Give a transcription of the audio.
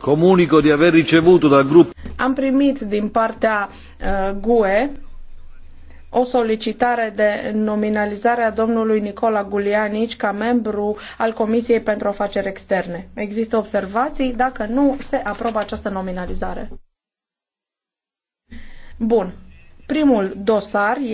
Comunico di aver ricevuto dal gruppo. Am primit din partea uh, GUE o solicitare de nominalizare a domnului Nicola Gulianici ca membru al Comisiei pentru Afaceri Externe. Există observații? Dacă nu, se aprobă această nominalizare. Bun. Primul dosar